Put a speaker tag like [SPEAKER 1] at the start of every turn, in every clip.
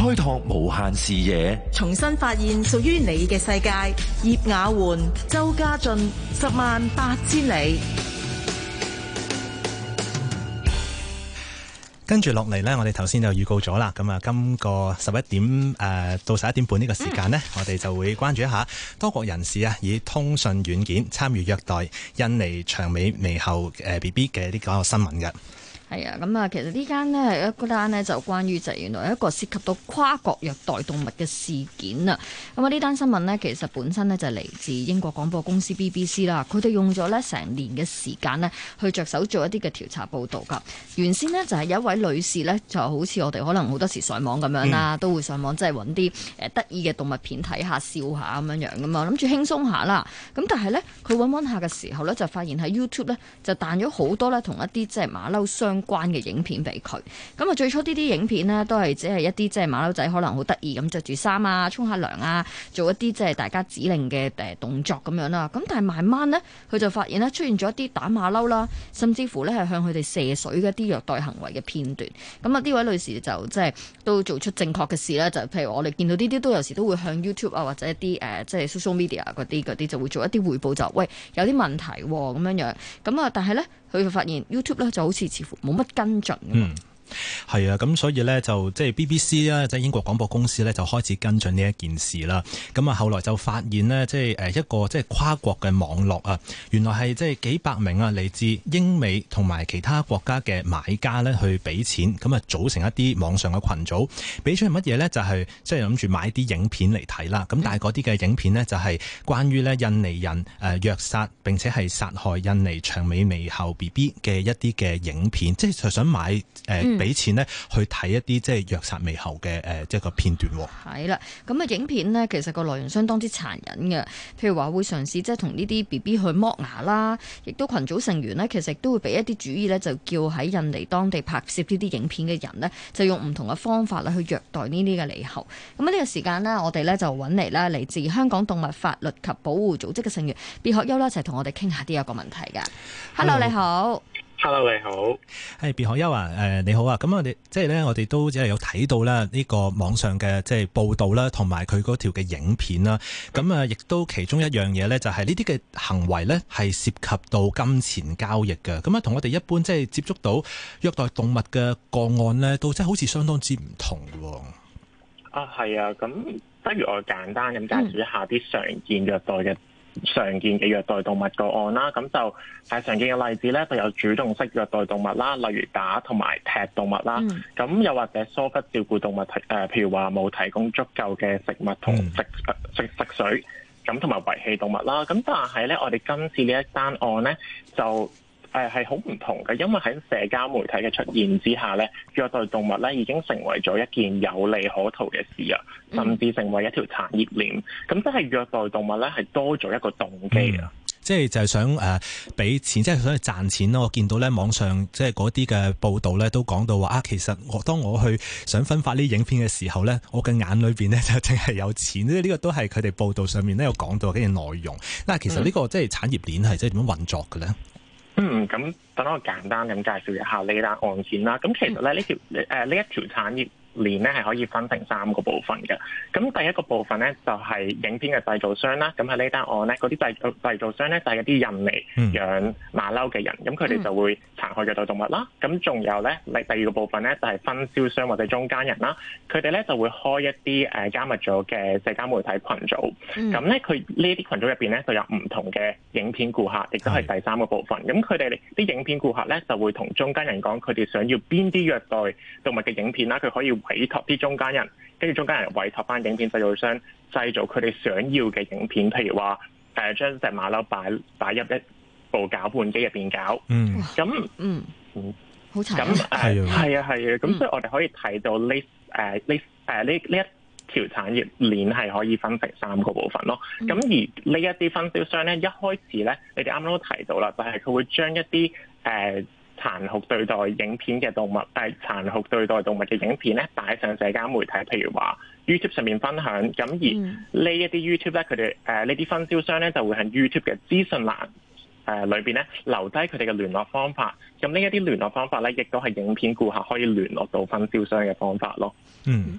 [SPEAKER 1] 開拓無限視野，重新發現屬於你嘅世界。葉雅媛、周家俊，十萬八千里。跟住落嚟呢我哋頭先就預告咗啦。咁啊，今個十一點誒、呃、到十一點半呢個時間呢、嗯、我哋就會關注一下多國人士啊，以通訊軟件參與虐待印尼長尾彌㺅誒 B B 嘅呢個新聞嘅。
[SPEAKER 2] 係啊，咁啊，其實呢間呢，係一單呢，就關於就原來一個涉及到跨國虐待動物嘅事件啊。咁啊，呢單新聞呢，其實本身呢，就嚟自英國廣播公司 BBC 啦。佢哋用咗呢成年嘅時間呢，去着手做一啲嘅調查報導㗎。原先呢，就係有一位女士呢，就好似我哋可能好多時上網咁樣啦，嗯、都會上網即係揾啲誒得意嘅動物片睇下笑下咁樣樣，咁啊，諗住輕鬆下啦。咁但係呢，佢揾揾下嘅時候呢，就發現喺 YouTube 呢，就彈咗好多呢同一啲即係馬騮相關嘅影片俾佢，咁啊，最初呢啲影片呢都係只係一啲即係馬騮仔可能好得意咁着住衫啊，沖下涼啊，做一啲即係大家指令嘅誒動作咁樣啦。咁但係慢慢呢，佢就發現呢，出現咗一啲打馬騮啦，甚至乎呢係向佢哋射水嘅一啲虐待行為嘅片段。咁啊，呢位女士就即係、就是、都做出正確嘅事呢，就譬如我哋見到呢啲都有時都會向 YouTube 啊或者一啲誒、呃、即係 social media 嗰啲嗰啲就會做一啲匯報就喂有啲問題咁、啊、樣樣。咁啊，但係呢。佢就發現 YouTube 咧就好似似乎冇乜跟進㗎嘛。嗯。
[SPEAKER 1] 係啊，咁所以咧就即係 BBC 啦，即係英國廣播公司咧就開始跟進呢一件事啦。咁啊，後來就發現呢，即係誒一個即係跨國嘅網絡啊，原來係即係幾百名啊嚟自英美，同埋其他國家嘅買家咧去俾錢，咁啊，組成一啲網上嘅群組，俾出係乜嘢呢？就係即係諗住買啲影片嚟睇啦。咁但係嗰啲嘅影片呢，就係關於呢印尼人誒虐殺，並且係殺害印尼長尾獼猴 BB 嘅一啲嘅影片，即係就想買誒。嗯俾 錢咧去睇一啲即係虐殺獼猴嘅誒，即係個片段喎。
[SPEAKER 2] 係啦，咁啊影片呢，其實個內容相當之殘忍嘅。譬如話會嘗試即係同呢啲 B B 去剝牙啦，亦都群組成員呢，其實都會俾一啲主意呢，就叫喺印尼當地拍攝呢啲影片嘅人呢，就用唔同嘅方法嚟去虐待呢啲嘅獼猴。咁呢個時間呢，我哋呢就揾嚟咧嚟自香港動物法律及保護組織嘅成員，別學優啦，一齊同我哋傾下呢一個問題嘅。Hello，你好。
[SPEAKER 3] hello，你好，
[SPEAKER 1] 係別學優啊。誒，yo, uh, 你好啊，咁我哋即係咧，我哋都只係有睇到啦，呢個網上嘅即係報道啦，同埋佢嗰條嘅影片啦，咁啊，亦都其中一樣嘢咧，就係呢啲嘅行為咧係涉及到金錢交易嘅，咁啊，同我哋一般即係接觸到虐待動物嘅個案咧，都即係好似相當之唔
[SPEAKER 3] 同嘅。啊，係啊，咁不如我簡單咁介紹一下啲常見虐待嘅。常見嘅虐待動物個案啦，咁就係常見嘅例子咧，就有主動式虐待動物啦，例如打同埋踢動物啦，咁、嗯、又或者疏忽照顧動物譬、呃、如話冇提供足夠嘅食物同食、嗯、食食，食水，咁同埋遺棄動物啦，咁但係咧，我哋今次一呢一單案咧就。誒，係好唔同嘅，因為喺社交媒體嘅出現之下呢，虐待動物呢已經成為咗一件有利可圖嘅事啊，甚至成為一條產業鏈。咁即係虐待動物呢，係多咗一個動機啊、嗯！
[SPEAKER 1] 即係就係想誒俾、呃、錢，即、就、係、是、想賺錢咯。我見到呢網上即係嗰啲嘅報道呢，都講到話啊，其實我當我去想分發呢影片嘅時候呢，我嘅眼裏邊呢，就淨係有錢。呢、這、呢個都係佢哋報道上面呢有講到嘅內容。但係其實呢、這個即係、嗯、產業鏈係即係點樣運作嘅呢？
[SPEAKER 3] 嗯，咁等我簡單咁介紹一下呢單案件啦。咁其實咧，呢條呃呢一條產業。年咧係可以分成三個部分嘅，咁第一個部分咧就係、是、影片嘅製造商啦，咁喺呢單案咧，嗰啲製製造商咧就係啲印尼養馬騮嘅人，咁佢哋就會殘害虐待動物啦。咁仲有咧，第第二個部分咧就係、是、分銷商或者中間人啦，佢哋咧就會開一啲誒加密咗嘅社交媒體群組，咁咧佢呢啲群組入邊咧就有唔同嘅影片顧客，亦都係第三個部分。咁佢哋啲影片顧客咧就會同中間人講佢哋想要邊啲虐待動物嘅影片啦，佢可以，委託啲中間人，跟住中間人委託翻影片製造商製造佢哋想要嘅影片，譬如話誒將隻馬騮擺擺入一部攪拌機入邊搞。嗯，咁嗯 嗯好慘，咁係係啊係啊，咁所以我哋可以睇到呢誒呢誒呢呢一條產業鏈係可以分成三個部分咯。咁、嗯、而呢一啲分銷商咧，一開始咧，你哋啱啱都提到啦，就係、是、佢會將一啲誒。呃呃呃殘酷對待影片嘅動物，誒、呃、殘酷對待動物嘅影片咧，擺上社交媒體，譬如話 YouTube 上面分享，咁而呢一啲 YouTube 咧，佢哋誒呢啲分銷商咧，就會喺 YouTube 嘅資訊欄誒裏邊咧留低佢哋嘅聯絡方法，咁呢一啲聯絡方法咧，亦都係影片顧客可以聯絡到分銷商嘅方法咯。嗯。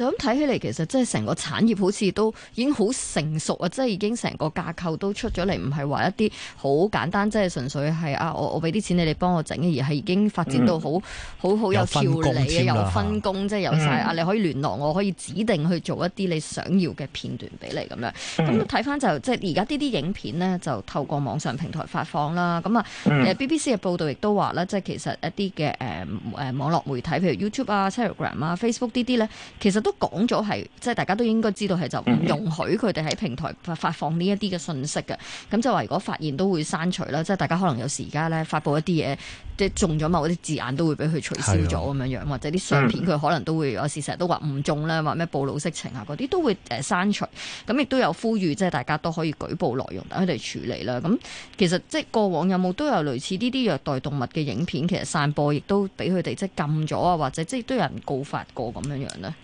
[SPEAKER 2] 就咁睇起嚟，其實即係成個產業好似都已經好成熟啊！即係已經成個架構都出咗嚟，唔係話一啲好簡單，即係純粹係啊！我我俾啲錢你，你幫我整，而係已經發展到、嗯、好好好有條理啊，有分，有分工，即係有晒啊！嗯、你可以聯絡我，我，可以指定去做一啲你想要嘅片段俾你咁樣，咁、嗯、睇翻就即係而家呢啲影片咧，就透過網上平台發放啦。咁啊，誒、嗯嗯、BBC 嘅報道亦都話啦，即係其實一啲嘅誒誒網絡媒體，譬如 YouTube 啊、Telegram 啊、Facebook 啲啲咧，其實都。都講咗係，即係大家都應該知道係就唔容許佢哋喺平台發放呢一啲嘅信息嘅。咁就係話，如果發現都會刪除啦。即係大家可能有時而家咧發布一啲嘢，即係中咗某啲字眼都會俾佢取消咗咁樣樣，的或者啲相片佢可能都會有時成日都話唔中啦，話咩暴露色情啊嗰啲都會誒刪除。咁亦都有呼籲，即係大家都可以舉報內容，等佢哋處理啦。咁其實即係過往有冇都有類似呢啲虐待動物嘅影片，其實散播亦都俾佢哋即係禁咗啊，或者即係都有人告發過咁樣樣咧。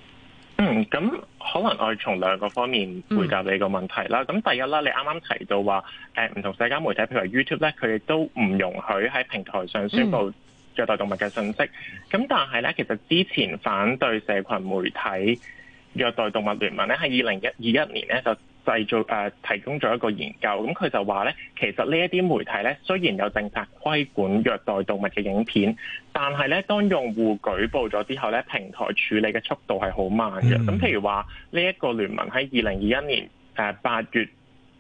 [SPEAKER 3] 嗯，咁可能我從兩個方面回答你個問題啦。咁、嗯、第一啦，你啱啱提到話，誒、呃，唔同社交媒體，譬如 YouTube 咧，佢哋都唔容許喺平台上宣佈虐待動物嘅信息。咁、嗯、但係咧，其實之前反對社群媒體虐待動物聯盟咧，喺二零一二一年二零二一年咧就。製造誒、呃、提供咗一個研究，咁、嗯、佢就話咧，其實呢一啲媒體咧，雖然有政策規管虐待動物嘅影片，但係咧，當用戶舉報咗之後咧，平台處理嘅速度係好慢嘅。咁、mm hmm. 譬如話，這個聯呃、8 8呢一個聯盟喺二零二一年誒八月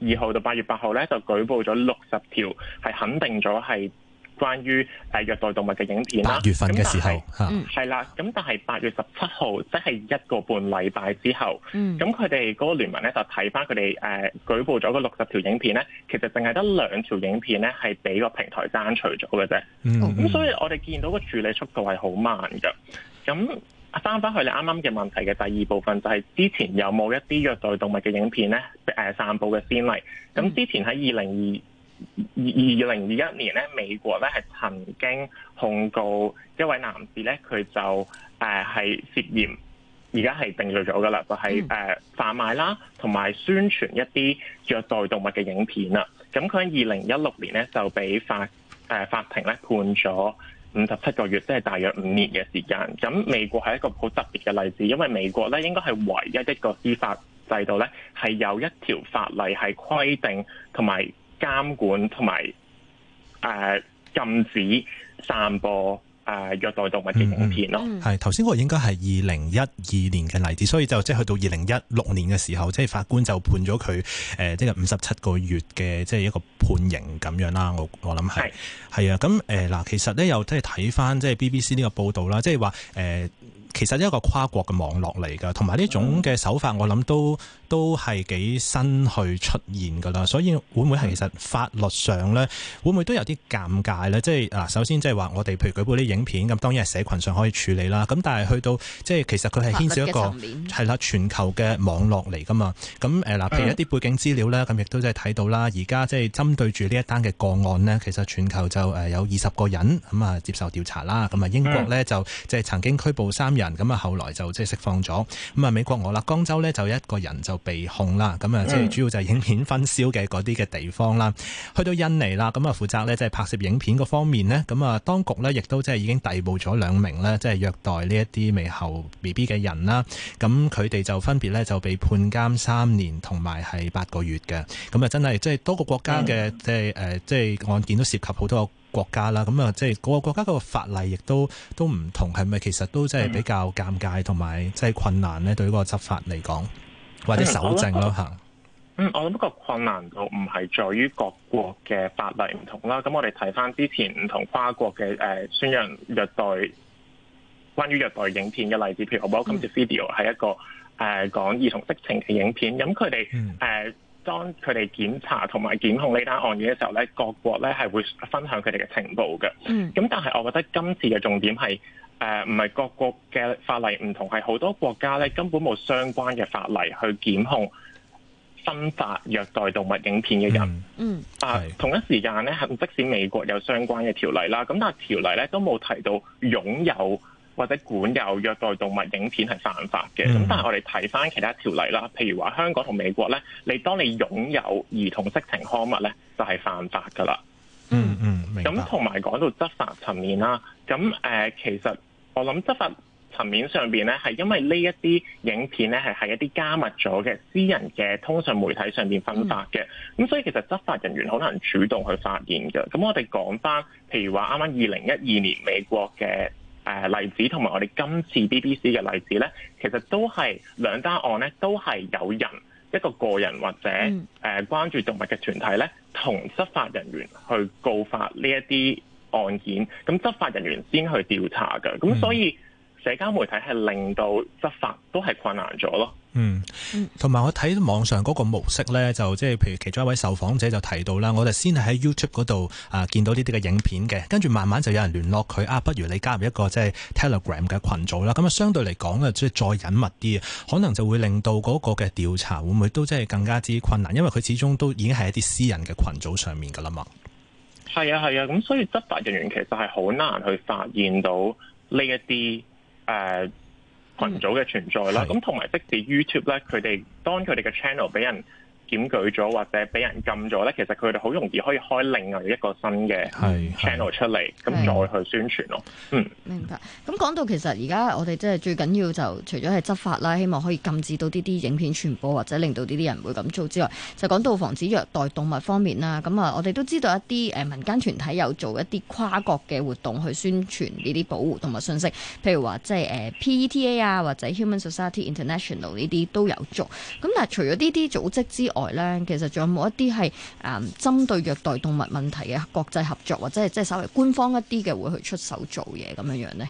[SPEAKER 3] 二號到八月八號咧，就舉報咗六十條，係肯定咗係。關於誒虐待動物嘅影片啦，八月份嘅時候係係啦，咁但係是八、嗯、月十七號即係一個半禮拜之後，咁佢哋嗰個聯盟咧就睇翻佢哋誒舉報咗嘅六十條影片咧，其實淨係得兩條影片咧係俾個平台刪除咗嘅啫。咁、嗯嗯、所以我哋見到個處理速度係好慢㗎。咁翻返去你啱啱嘅問題嘅第二部分就係之前有冇一啲虐待動物嘅影片咧誒、呃、散佈嘅先例？咁、嗯、之前喺二零二。二二零二一年咧，美國咧係曾經控告一位男士咧，佢就誒係、呃、涉嫌，而家係定罪咗噶啦，就係誒販賣啦，同埋宣傳一啲虐待動物嘅影片啦。咁佢喺二零一六年咧就俾法誒、呃、法庭咧判咗五十七個月，即係大約五年嘅時間。咁美國係一個好特別嘅例子，因為美國咧應該係唯一一個司法制度咧係有一條法例係規定同埋。監管同埋誒禁止散播。誒虐待動物嘅影片咯，
[SPEAKER 1] 係頭先嗰個應該係二零一二年嘅例子，所以就即係去到二零一六年嘅時候，即係法官就判咗佢誒即係五十七個月嘅即係一個判刑咁樣啦。我我諗係係啊，咁誒嗱，其實咧又即係睇翻即係 BBC 呢個報導啦，即係話誒其實一個跨國嘅網絡嚟噶，同埋呢種嘅手法我，我諗都都係幾新去出現噶啦。所以會唔會係其實法律上咧，會唔會都有啲尷尬咧？即係嗱，首先即係話我哋譬如舉報啲影片咁當然係社群上可以處理啦，咁但係去到即係其實佢係牽涉一個係啦全球嘅網絡嚟噶嘛，咁誒嗱，譬如一啲背景資料咧，咁亦都即係睇到啦。而家即係針對住呢一單嘅個案呢，其實全球就誒有二十個人咁啊接受調查啦。咁啊英國呢就即係曾經拘捕三人，咁啊後來就即係釋放咗。咁啊美國俄勒岡州呢就一個人就被控啦。咁啊即係主要就係影片分銷嘅嗰啲嘅地方啦。去到印尼啦，咁啊負責呢，即係拍攝影片嗰方面呢。咁啊當局呢亦都即係。已經逮捕咗兩名咧，即係虐待呢一啲獼猴 B B 嘅人啦。咁佢哋就分別咧就被判監三年同埋係八個月嘅。咁啊，真係即係多個國家嘅、嗯、即係誒、呃，即係案件都涉及好多個國家啦。咁啊，即係各個國家個法例亦都都唔同，係咪？其實都即係比較尷尬同埋即係困難呢？對呢個執法嚟講
[SPEAKER 3] 或者搜證咯吓。嗯嗯嗯，我諗個困難度唔係在於各國嘅法例唔同啦。咁我哋睇翻之前唔同跨國嘅誒、呃、宣揚虐待關於虐待影片嘅例子，譬如《Welcome to Video》係、mm. 一個誒、呃、講兒童色情嘅影片。咁佢哋誒當佢哋檢查同埋檢控呢單案件嘅時候咧，各國咧係會分享佢哋嘅情報嘅。Mm. 嗯。咁但係我覺得今次嘅重點係誒唔係各國嘅法例唔同，係好多國家咧根本冇相關嘅法例去檢控。分發虐待動物影片嘅人，嗯，啊，是同一時間咧，即使美國有相關嘅條例啦，咁但係條例咧都冇提到擁有或者管有虐待動物影片係犯法嘅，咁、嗯、但係我哋睇翻其他條例啦，譬如話香港同美國咧，你當你擁有兒童色情刊物咧，就係、是、犯法噶啦、嗯，嗯嗯，明白。咁同埋講到執法層面啦、啊，咁、啊、誒，其實我諗執法。層面上邊咧，係因為呢一啲影片咧係喺一啲加密咗嘅私人嘅通訊媒體上邊分發嘅，咁、嗯、所以其實執法人員好難主動去發現嘅。咁我哋講翻，譬如話啱啱二零一二年美國嘅誒、呃、例子，同埋我哋今次 BBC 嘅例子咧，其實都係兩單案咧，都係有人一個個人或者誒、嗯呃、關注動物嘅團體咧，同執法人員去告發呢一啲案件，咁執法人員先去調查嘅。咁所以。嗯社交媒體係令到執法都係困難咗咯。嗯，
[SPEAKER 1] 同埋我睇網上嗰個模式咧，就即係譬如其中一位受訪者就提到啦，我哋先係喺 YouTube 嗰度啊、呃、見到呢啲嘅影片嘅，跟住慢慢就有人聯絡佢啊，不如你加入一個即係 Telegram 嘅群組啦。咁、嗯、啊，相對嚟講啊，即、就、係、是、再隱密啲可能就會令到嗰個嘅調查會唔會都即係更加之困難？因為佢始終都已經係一啲私人嘅群組上面㗎喇嘛。
[SPEAKER 3] 係啊，係啊，咁所以執法人員其實係好難去發現到呢一啲。誒、uh, 群組嘅存在啦，咁同埋即使 YouTube 咧，佢哋當佢哋嘅 channel 俾人檢舉咗或者俾人禁咗咧，其實佢哋好容易可以開另外一個新嘅 channel 出嚟，咁再去宣傳咯。嗯，
[SPEAKER 2] 明白。咁講到其實而家我哋即係最緊要就除咗係執法啦，希望可以禁止到呢啲影片傳播或者令到呢啲人唔會咁做之外，就講到防止虐待動物方面啦。咁啊，我哋都知道一啲誒民間團體有做一啲跨國嘅活動去宣傳呢啲保護動物信息，譬如話即係誒 PETA 啊或者 Human Society International 呢啲都有做。咁但係除咗呢啲組織之外外咧，其實仲有冇一啲係誒針對虐待動物問題嘅國際合作，或者係即係稍微官方一啲嘅會去出手做嘢咁樣樣咧？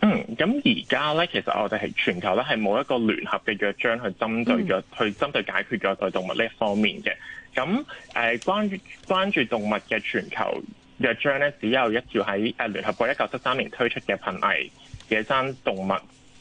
[SPEAKER 2] 嗯，
[SPEAKER 3] 咁而家咧，其實我哋係全球咧係冇一個聯合嘅約章去針對約、嗯、去針對解決虐待動物呢一方面嘅。咁誒、呃，關注關注動物嘅全球約章咧，只有一條喺誒聯合國一九七三年推出嘅《瀕危野生動物》。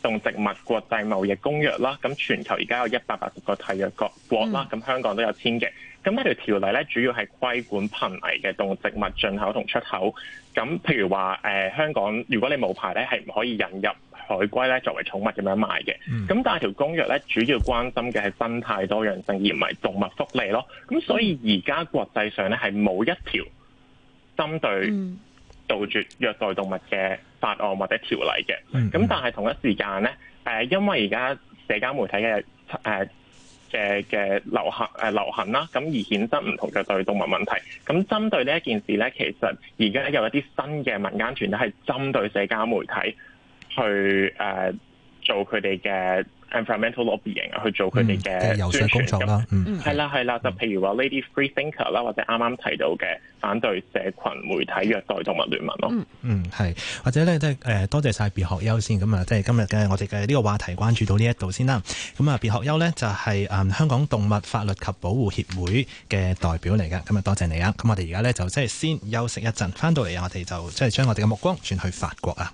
[SPEAKER 3] 動植物國際貿易公約啦，咁全球而家有一百八十個締約國國啦，咁、嗯、香港都有簽嘅。咁呢條條例咧，主要係規管瀕危嘅動植物進口同出口。咁譬如話，誒、呃、香港如果你冇牌咧，係唔可以引入海龜咧作為寵物咁樣賣嘅。咁但係條公約咧，主要關心嘅係生態多樣性，而唔係動物福利咯。咁所以而家國際上咧係冇一條針對杜絕虐待動物嘅。法案或者條例嘅，咁但係同一時間咧，誒、呃，因為而家社交媒體嘅誒嘅嘅流行誒、呃、流行啦，咁而衍生唔同嘅對動物問題。咁針對呢一件事咧，其實而家有一啲新嘅民間團體係針對社交媒體去誒、呃、做佢哋嘅。environmental lobbying 去做佢哋嘅宣傳、嗯、遊說工作啦。樣嗯，係啦，係啦，就譬如話 Lady Freethinker 啦，或者啱啱提到嘅反對社群媒體虐待動物聯盟咯。嗯，嗯，
[SPEAKER 1] 係，或者咧即係誒，多謝晒別學優先。咁啊，即係今日嘅我哋嘅呢個話題，關注到呢一度先啦。咁啊，別學優呢就係誒香港動物法律及保護協會嘅代表嚟㗎。咁啊，多謝你啊。咁我哋而家咧就即係先休息一陣，翻到嚟我哋就即係將我哋嘅目光轉去法國啊。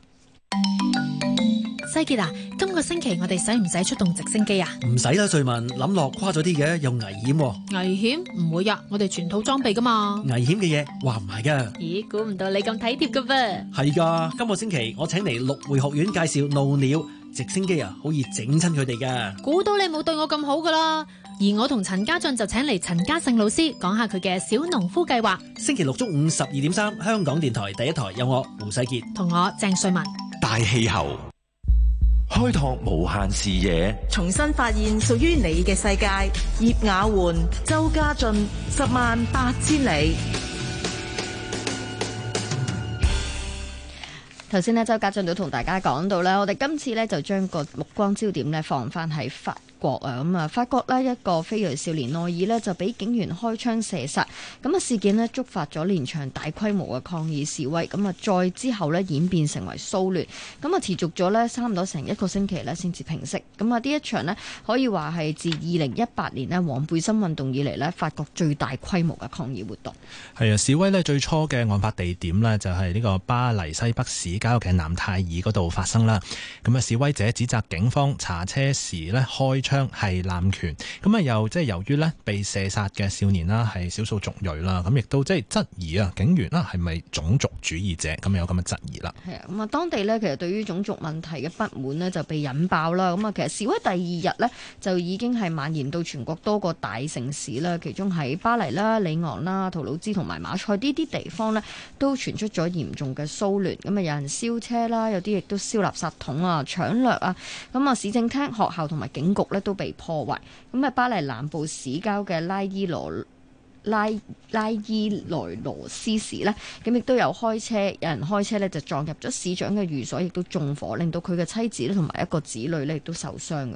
[SPEAKER 2] 世傑啊，今個星期我哋使唔使出動直升機啊？
[SPEAKER 1] 唔使啦，瑞文諗落誇咗啲嘅，又危險。
[SPEAKER 2] 危險唔會啊，會我哋全套裝備噶嘛。
[SPEAKER 1] 危險嘅嘢，話唔係噶。咦，
[SPEAKER 2] 估唔到你咁體貼噶噃。
[SPEAKER 1] 係噶，今個星期我請嚟六會學院介紹怒鳥直升機啊，好易整親佢哋噶。估到你冇對我咁好噶啦。而我同陳家俊就請嚟陳家勝老師講下佢嘅小農夫計劃。星期六中午十二點三，香港電台第一台有我胡世傑，同我鄭瑞文，大氣候。開拓無限視野，重新發現屬於你嘅世界。葉雅媛、周家俊，
[SPEAKER 2] 十萬八千里。頭先呢，周家俊都同大家講到啦，我哋今次呢，就將個目光焦點呢，放翻喺法國啊咁啊，法國咧一個非裔少年奈爾咧就俾警員開槍射殺，咁啊事件咧觸發咗連場大規模嘅抗議示威，咁啊再之後咧演變成為騷亂，咁啊持續咗咧差唔多成一個星期咧先至平息，咁啊呢一場咧可以話係自二零一八年咧黃背心運動以嚟咧法國最大規模嘅抗議活動。
[SPEAKER 1] 係啊，示威咧最初嘅案發地點咧就係呢個巴黎西北市郊嘅南泰爾嗰度發生啦，咁啊示威者指責警方查車時咧開係濫權，咁啊又即係由於咧被射殺嘅少年啦，係少數族裔啦，咁亦都即係質疑啊警員啦係咪種族主義者？咁有咁嘅質疑啦。
[SPEAKER 2] 係啊，咁啊當地咧其實對於種族問題嘅不滿咧就被引爆啦。咁啊其實示威第二日呢，就已經係蔓延到全國多個大城市啦，其中喺巴黎啦、里昂啦、圖盧茲同埋馬賽呢啲地方呢，都傳出咗嚴重嘅騷亂，咁啊有人燒車啦，有啲亦都燒垃圾桶啊、搶掠啊，咁啊市政廳、學校同埋警局呢。都被破壞，咁啊，巴黎南部市郊嘅拉伊羅。拉拉伊萊羅斯時呢，咁亦都有開車，有人開車呢，就撞入咗市長嘅寓所，亦都縱火，令到佢嘅妻子同埋一個子女呢，亦都受傷嘅。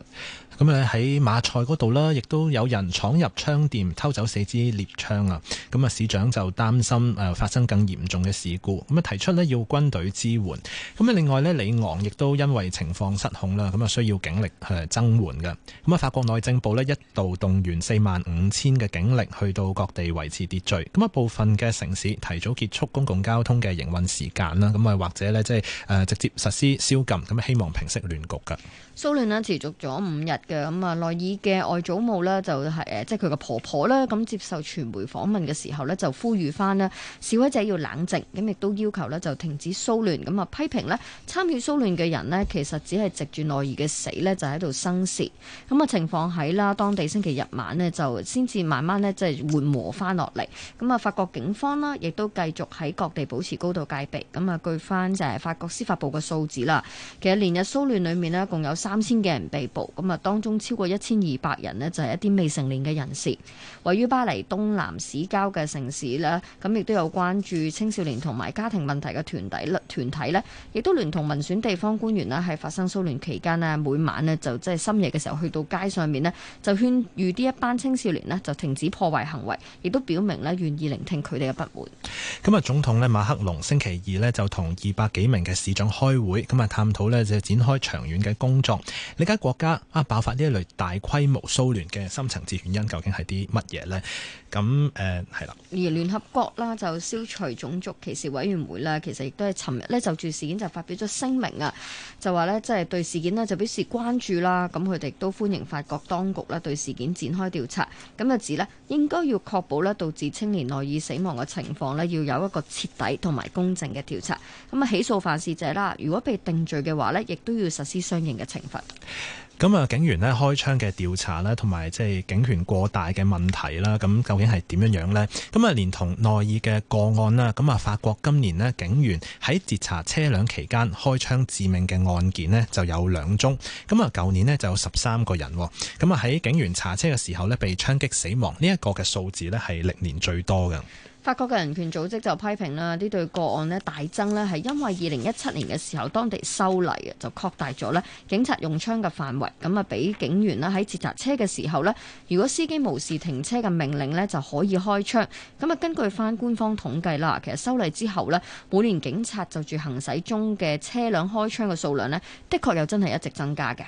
[SPEAKER 1] 咁啊喺馬賽嗰度啦，亦都有人闖入槍店偷走四支獵槍啊！咁、嗯、啊，市長就擔心誒、呃、發生更嚴重嘅事故，咁啊提出呢，要軍隊支援。咁、嗯、啊，另外呢，李昂亦都因為情況失控啦，咁啊需要警力去增援嘅。咁、嗯、啊，法國內政部呢，一度動員四萬五千嘅警力去到各。地維持秩序，咁一部分嘅城市提早結束公共交通嘅營運時間啦，咁啊或者呢，即係誒直接實施宵禁，咁希望平息亂局噶。
[SPEAKER 2] 騷亂呢，持續咗五日嘅，咁啊內爾嘅外祖母呢、就係，就係誒即係佢嘅婆婆呢。咁接受傳媒訪問嘅時候呢，就呼籲翻呢示威者要冷靜，咁亦都要求呢就停止騷亂，咁啊批評呢參與騷亂嘅人呢，其實只係藉住內爾嘅死呢，就喺度生事，咁啊情況喺啦，當地星期日晚呢，就先至慢慢呢，即係緩和。翻落嚟咁啊，法國警方啦，亦都繼續喺各地保持高度戒備，咁啊，據翻就係法國司法部嘅數字啦。其實連日騷亂裏面咧，共有三千幾人被捕。咁啊，當中超過 1, 一千二百人咧，就係一啲未成年嘅人士。位於巴黎東南市郊嘅城市啦，咁亦都有關注青少年同埋家庭問題嘅團體啦。團體咧，亦都聯同民選地方官員啦，喺發生騷亂期間咧，每晚咧就即係深夜嘅時候去到街上面咧，就勸喻啲一班青少年咧就停止破壞行為。亦都表明咧，願意聆聽佢哋嘅不滿。
[SPEAKER 1] 咁啊，總統咧，馬克龍星期二咧就同二百幾名嘅市長開會，咁啊，探討咧就展開長遠嘅工作。你睇國家啊，爆發呢一類大規模騷亂嘅深層次原因，究竟係啲乜嘢呢？咁、嗯、誒，係啦。
[SPEAKER 2] 而聯合國啦，就消除種族歧視委員會啦，其實亦都係尋日咧就住事件就發表咗聲明啊，就話咧即係對事件咧就表示關注啦。咁佢哋都歡迎法國當局咧對事件展開調查。咁就指咧應該要確保咧導致青年內耳死亡嘅情況咧，要有一個徹底同埋公正嘅調查。咁啊，起訴犯事者啦，如果被定罪嘅話咧，亦都要實施相應嘅懲罰。
[SPEAKER 1] 咁啊，警員咧開槍嘅調查咧，同埋即係警權過大嘅問題啦。咁究竟係點樣樣咧？咁啊，連同內爾嘅個案啦。咁啊，法國今年咧警員喺截查車輛期間開槍致命嘅案件咧就有兩宗。咁啊，舊年咧就有十三個人。咁啊，喺警員查車嘅時候咧被槍擊死亡呢一、呢個嘅數字咧係歷年最多嘅。
[SPEAKER 2] 法國嘅人權組織就批評啦，啲對個案咧大增咧，係因為二零一七年嘅時候當地修例啊，就擴大咗咧警察用槍嘅範圍，咁啊俾警員咧喺截查車嘅時候咧，如果司機無視停車嘅命令咧，就可以開槍。咁啊，根據翻官方統計啦，其實修例之後咧，每年警察就住行駛中嘅車輛開槍嘅數量咧，的確又真係一直增加嘅。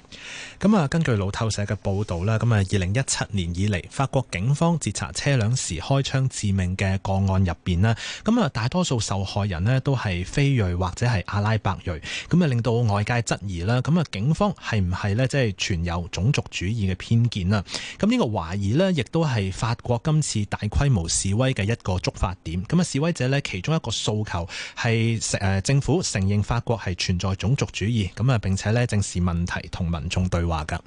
[SPEAKER 2] 咁
[SPEAKER 1] 啊，根據路透社嘅報導啦，咁啊二零一七年以嚟，法國警方截查車輛時開槍致命嘅個案。案入邊啦，咁啊，大多數受害人咧都係非裔或者係阿拉伯裔，咁啊，令到外界質疑啦，咁啊，警方係唔係咧即係存有種族主義嘅偏見啦？咁、這、呢個懷疑咧，亦都係法國今次大規模示威嘅一個觸發點，咁啊，示威者咧其中一個訴求係誒政府承認法國係存在種族主義，咁啊並且咧正視問題同民眾對話噶。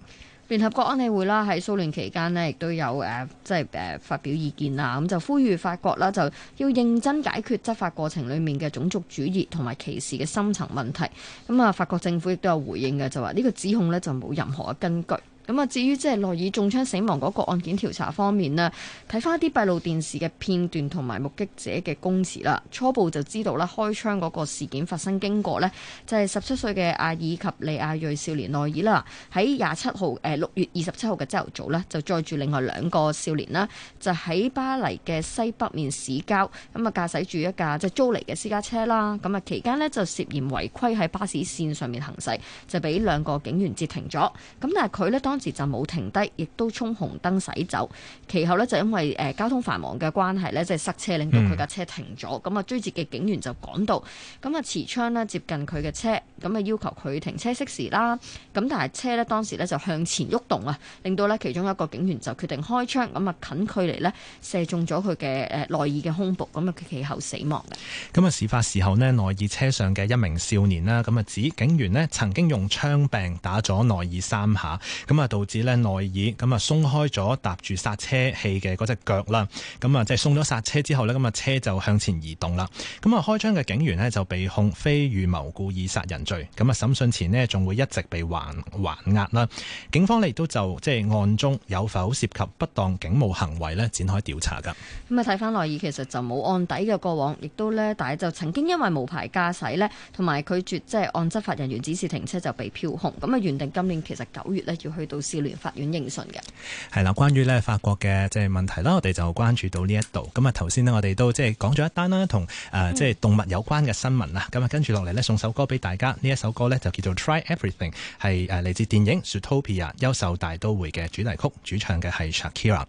[SPEAKER 2] 聯合國安理會啦，喺蘇聯期間呢，亦都有誒，即係誒發表意見啦，咁就呼籲法國啦，就要認真解決執法過程裡面嘅種族主義同埋歧視嘅深層問題。咁啊，法國政府亦都有回應嘅，就話呢個指控呢，就冇任何嘅根據。咁啊，至於即係內爾中槍死亡嗰個案件調查方面咧，睇翻啲閉路電視嘅片段同埋目擊者嘅供詞啦，初步就知道啦，開槍嗰個事件發生經過咧，就係十七歲嘅阿爾及利亞裔少年內爾啦，喺廿七號誒六月二十七號嘅朝頭早咧，就載住另外兩個少年啦，就喺巴黎嘅西北面市郊咁啊，駕駛住一架即係租嚟嘅私家車啦，咁啊期間咧就涉嫌違規喺巴士線上面行駛，就俾兩個警員截停咗，咁但係佢咧當當時就冇停低，亦都衝紅燈駛走。其後呢，就因為誒交通繁忙嘅關係呢，即係塞車，令到佢架車停咗。咁啊、嗯，追截嘅警員就趕到，咁啊持槍呢，接近佢嘅車，咁啊要求佢停車熄匙啦。咁但係車呢，當時呢就向前喐動啊，令到呢其中一個警員就決定開槍，咁啊近距離呢射中咗佢嘅誒內耳嘅胸部，咁啊佢其後死亡嘅。
[SPEAKER 1] 咁啊事發時候呢，內耳車上嘅一名少年啦，咁啊指警員呢曾經用槍柄打咗內耳三下，咁啊。咁導致咧內耳咁啊鬆開咗搭住煞車器嘅嗰隻腳啦，咁啊即係鬆咗煞車之後咧，咁啊車就向前移動啦。咁啊開槍嘅警員咧就被控非預謀故意殺人罪，咁啊審訊前呢，仲會一直被還還押啦。警方咧亦都就即係案中有否涉及不當警務行為呢展開調查㗎。咁
[SPEAKER 2] 啊睇翻內耳其實就冇案底嘅過往，亦都呢。但係就曾經因為無牌駕駛呢，同埋拒絕即係按執法人員指示停車就被票控。咁啊原定今年其實九月呢要去到少年法院應訊嘅，
[SPEAKER 1] 係啦。關於咧法國嘅即係問題啦，我哋就關注到呢一度。咁啊，頭先呢，我哋都即係講咗一單啦，同誒即係動物有關嘅新聞啦。咁啊、嗯，跟住落嚟咧送首歌俾大家。呢一首歌咧就叫做《Try Everything》，係誒嚟自電影《Zootopia》優獸大都會嘅主題曲，主唱嘅係 Shakira。